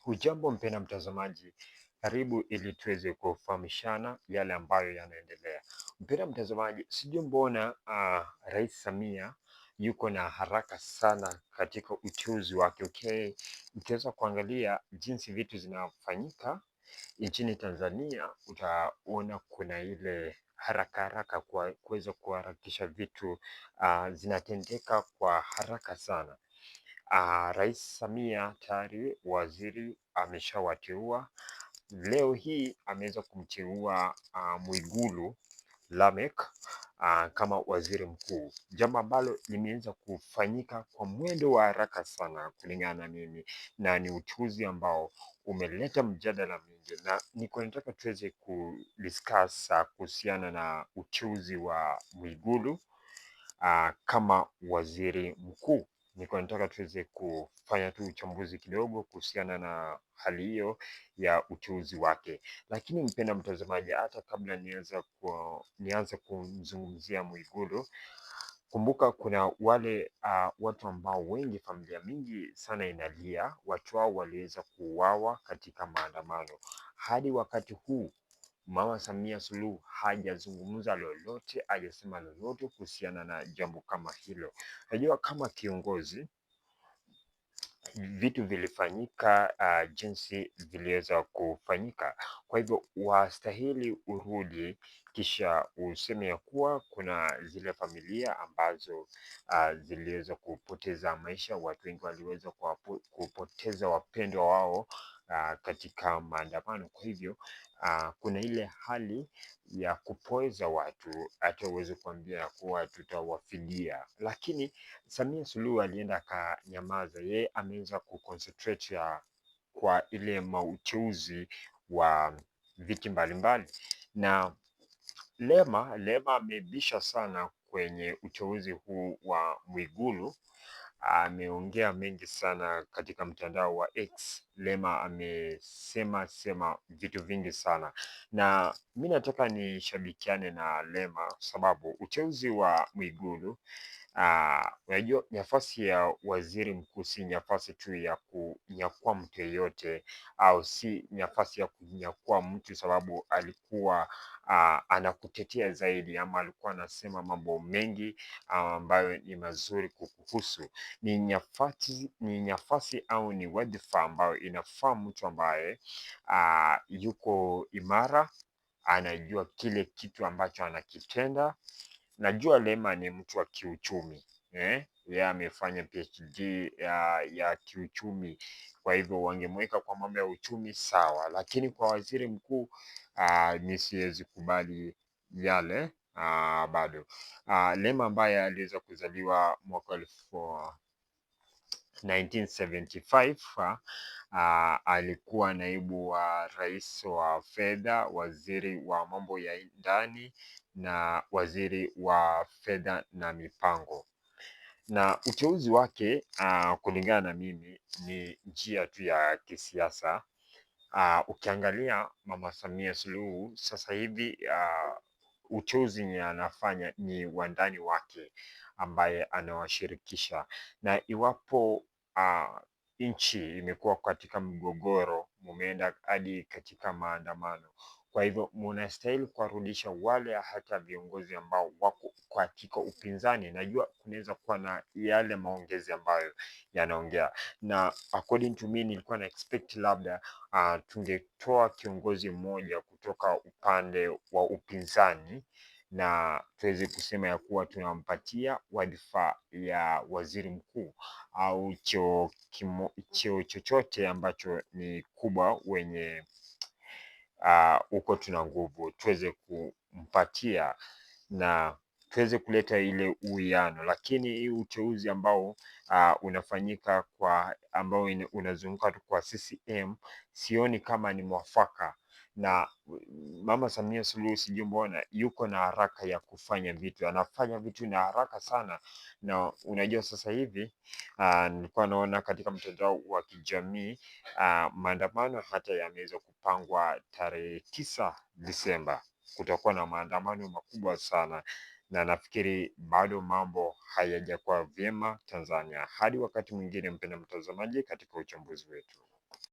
Hujambo mpenda mtazamaji, karibu ili tuweze kufahamishana yale ambayo yanaendelea. Mpenda mtazamaji, sijui mbona uh, Rais Samia yuko na haraka sana katika uteuzi wake. Okay, ukiweza kuangalia jinsi vitu zinafanyika nchini Tanzania utaona kuna ile haraka haraka kuweza kuharakisha vitu uh, zinatendeka kwa haraka sana. Uh, Rais Samia tayari waziri ameshawateua. Leo hii ameweza kumteua uh, Mwigulu Lamek uh, ah, kama waziri mkuu, jambo ambalo limeweza kufanyika kwa mwendo wa haraka sana kulingana na mimi, na ni uchuzi ambao umeleta mjadala mwingi, na niko nataka tuweze kudiscuss kuhusiana na uchuzi wa Mwigulu uh, kama waziri mkuu nilikuwa nataka tuweze kufanya tu uchambuzi kidogo kuhusiana na hali hiyo ya uteuzi wake. Lakini mpenda mtazamaji, hata kabla nianza nianze kumzungumzia Mwigulu, kumbuka kuna wale uh, watu ambao wengi, familia mingi sana inalia, watu wao waliweza kuuawa katika maandamano hadi wakati huu Mama Samia Suluhu hajazungumza lolote, hajasema lolote kuhusiana na jambo kama hilo. Najua kama kiongozi vitu vilifanyika uh, jinsi viliweza kufanyika. Kwa hivyo wastahili urudi, kisha useme ya kuwa kuna zile familia ambazo uh, ziliweza kupoteza maisha, watu wengi waliweza kupoteza wapendwa wao uh, katika maandamano. Kwa hivyo uh, kuna ile hali ya kupoeza watu, hata uweze kuambia kuwa tutawafidia, lakini Samia Suluhu alienda akanyamaza. Yeye ameweza kuconcentrate kwa ile mauteuzi wa viti mbalimbali na Lema Lema amebisha sana kwenye uteuzi huu wa Mwigulu ameongea mengi sana katika mtandao wa X. Lema amesema sema vitu vingi sana, na mi nataka nishabikiane na Lema sababu uteuzi wa Mwigulu Ah, unajua, nafasi ya waziri mkuu si nafasi tu ya kunyakua mtu yeyote, au si nafasi ya kunyakua mtu sababu alikuwa uh, anakutetea zaidi ama alikuwa anasema mambo mengi ah, ambayo ni mazuri kukuhusu. Ni nafasi, ni nafasi au ni wadhifa ambayo inafaa mtu ambaye uh, yuko imara, anajua kile kitu ambacho anakitenda najua Lema ni mtu wa kiuchumi eh? Yeye amefanya PhD ya, ya kiuchumi, kwa hivyo wangemweka kwa mambo ya uchumi sawa, lakini kwa waziri mkuu ah, ni siwezi kubali yale uh, bado uh, Lema ambaye aliweza kuzaliwa mwaka elfu 1975 uh, alikuwa naibu wa rais wa fedha, waziri wa mambo ya ndani na waziri wa fedha na mipango, na uteuzi wake uh, kulingana na mimi ni njia tu ya kisiasa. Uh, ukiangalia Mama Samia Suluhu sasa hivi uh, uteuzi ni anafanya ni wandani wake ambaye anawashirikisha na iwapo uh, nchi imekuwa katika mgogoro, mumeenda hadi katika maandamano, kwa hivyo munastahili kuwarudisha wale hata viongozi ambao wako katika upinzani. Najua kunaweza kuwa na yale maongezi ambayo yanaongea na according to me nilikuwa na expect labda uh, tungetoa kiongozi mmoja kutoka upande wa upinzani na tuweze kusema ya kuwa tunampatia wadhifa ya waziri mkuu au cheo chochote ambacho ni kubwa wenye huko uh, uko tuna nguvu, tuweze kumpatia na tuweze kuleta ile uwiano, lakini hii uteuzi ambao uh, unafanyika kwa ambao unazunguka kwa CCM sioni kama ni mwafaka na Mama Samia Suluhu mbona yuko na haraka ya kufanya vitu, anafanya vitu na haraka sana, na unajua sasa hivi ah, nilikuwa naona katika mtandao wa kijamii ah, maandamano hata yameweza kupangwa tarehe tisa Disemba, kutakuwa na maandamano makubwa sana na nafikiri bado mambo hayajakuwa vyema Tanzania. Hadi wakati mwingine, mpenda mtazamaji, katika uchambuzi wetu.